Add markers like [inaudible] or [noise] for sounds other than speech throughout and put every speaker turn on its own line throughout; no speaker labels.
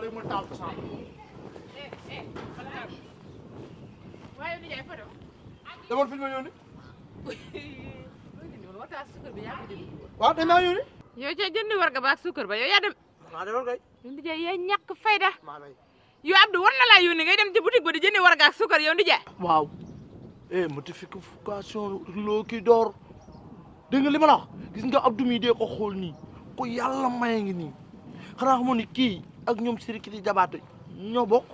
loolu mu taal sax
waaye ni jaay fado dama film yoni waaw dañ naa ini yow ca jënd warga ba ak suukar ba yow yaa dem maa demoon kay ñu di jaay yaa ñàkk fayda yow Abdou war na laa dem ci warga
eh modification loo kii Dengar lima lah. li ma media kok gis nga Abdou mi dee ko xool nii ak ñoom siri kii di jabaate ñoo bokk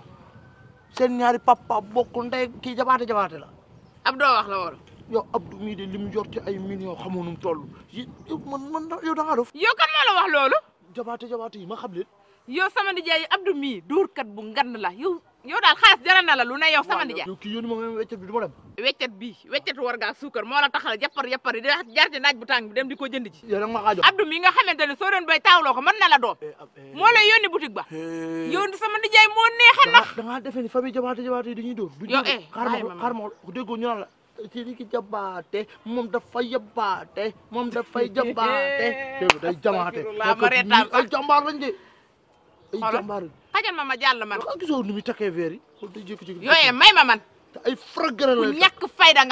seen ñaari papa bokk ndey kii jabaate jabaate la.
Abdou wax la woon.
yow mii de li mu yor ci ay millions xamoo nu mu toll
man man yow da kan moo la wax loolu. jabaate jabaate yi ma xam leen. yow sama nijaay Abdou mii dóorkat bu ngan la yow. yow daal xaalis jaral na la lu ne sama nijaay yow kii yónni ma nga weccet bi du dem weccet bi weccet war ngaa suukar moo la taxal jappar jappar di jaar ci naaj bu tàng bi dem di ko jënd ji yow nag ma xaajo Abdou mi nga xamante ne soo doon bay taawloo ko mën na la doom eh, eh. moo lay yónni boutique ba yow sama nijaay moo neexa nax
da ngaa defee ni famille jabaate jabaate yi dañuy dóor du yow eh xaar ma xaar ma déggoo ñu naan la Sidiki jabaate moom dafa yabaate moom dafay jabaate [laughs] day jamaate ay jàmbaar lañ de ay jàmbaar
ma ma jàll man. waaw gisoo ni muy takkee verre yi.
xool
may ma man. te ay fragara la ñàkk fayda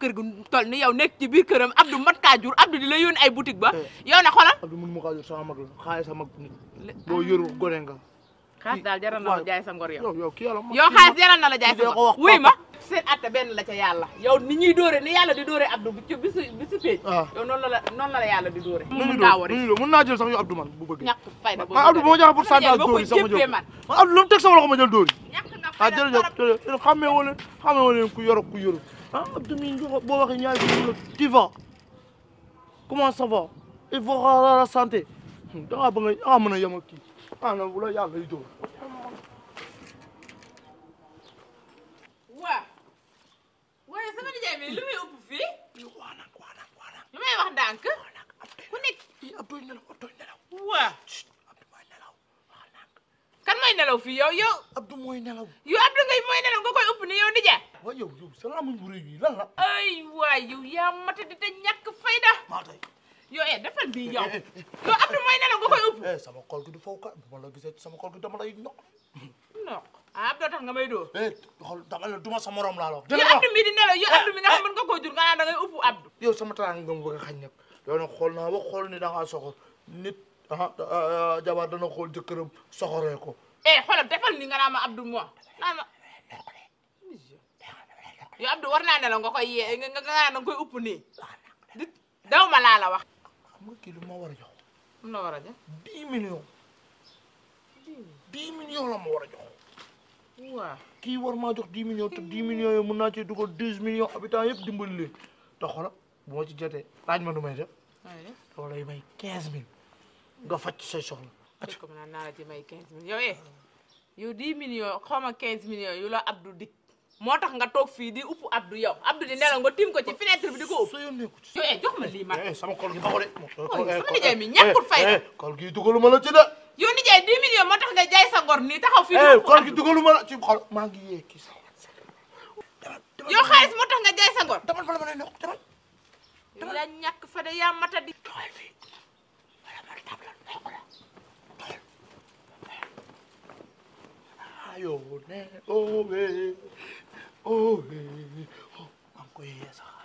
kër gu toll ni yow nekk ci biir Abdou mat kaa jur Abdou di la ay boutique ba. Eh. yow ne xoolal Abdou mun ma kaa jur sama mag la xaalis sama mag nit. boo ah. yor gone nga. xaalis daal jaral na la jaay sa ngor yow. yow yow kii yàlla moom yow xaalis jaral na la jaay sa ngor wuy ma seen benn la yàlla yow ni ñuy dóore ni yàlla di doore Abdou bi ci bisu bisu péej ah. yow noonu la la la di dóore mun
naa jël sax yow Abdou man bu bëgg ñàkk
fayda man ah, Abdou ba ma joxe pour sànni dóor yi sax man
Abdou ah, lu mu teg sama loxo ma jël dóor yi ah jërëjëf jërëjëf xamee woo leen xamee woo ku yor ku yoru ah Abdou mi boo waxee ñaari la tu vas comment ça va il faut la santé dangaa ba nga dangaa mën a yem ak kii ah non bu la yàlla lay
demee lu muy upp fii. waaw lu may wax ndànk. waaw nag ku kan mooy nelaw fii yow yow. Abdou mooy nelaw. yow Abdou ngay mooy nelaw nga koy upp ni yow di ja. waaw yow yow salaamu bu rëy bi lan ay waay yow yaa mata di te fayda. maa tey. yow eh defal bii yow.
[laughs] yow eh, sama xol gi du foofu quoi bu ma gisee sama xol gi dama lay ñor. [laughs] non ah doo tax nga duma eh, sa la wax. jërëjëf yow Abdou mi di nelaw yow eh, Abdou mi nga eh. xam jur nga a xañ nag yow xool naa ba xool ni ah, ah, ah, ko.
eh xoolal ni war naa nelaw nga koy yee daw ma laa la wax.
xam nga kii lu ma war a jox. war a jox. dix millions. dix millions la ma war a jox. waaw kii war maa jox dix millions te dix millions yooyu mën naa cee dugal douze millions habitants yëpp dimbali leen te xoolal bu ma ci jotee laaj ma nu may def. loolu lay may quinze mille nga faj say soxla.
ati comme naan naa la ci quinze millions yow eh yow dix millions xaw ma quinze millions yu la Abdou dik moo tax nga toog fii di upp Abdou yow Abdou di nelaw nga tiim ko ci fenêtre bi di ko upp. soo eh, jox ma lii ma. Eh, sama kol gi baaxul de. sama eh, nijaay mi ñàkkul fay.
kol gi dugaluma la ci de.
yow nijaay 10 millions moo tax nga jaay sa ngor nii taxaw eh kon ki
dugaluma ci xol maa ngi yee kii sax.
yow xaalis nga jaay sa ngor. demal bala ma lay demal. demal la fa mata di. toogal fii wala ma tabla ndokk la
toogal. oh, eh, oh, eh, oh eh, ya,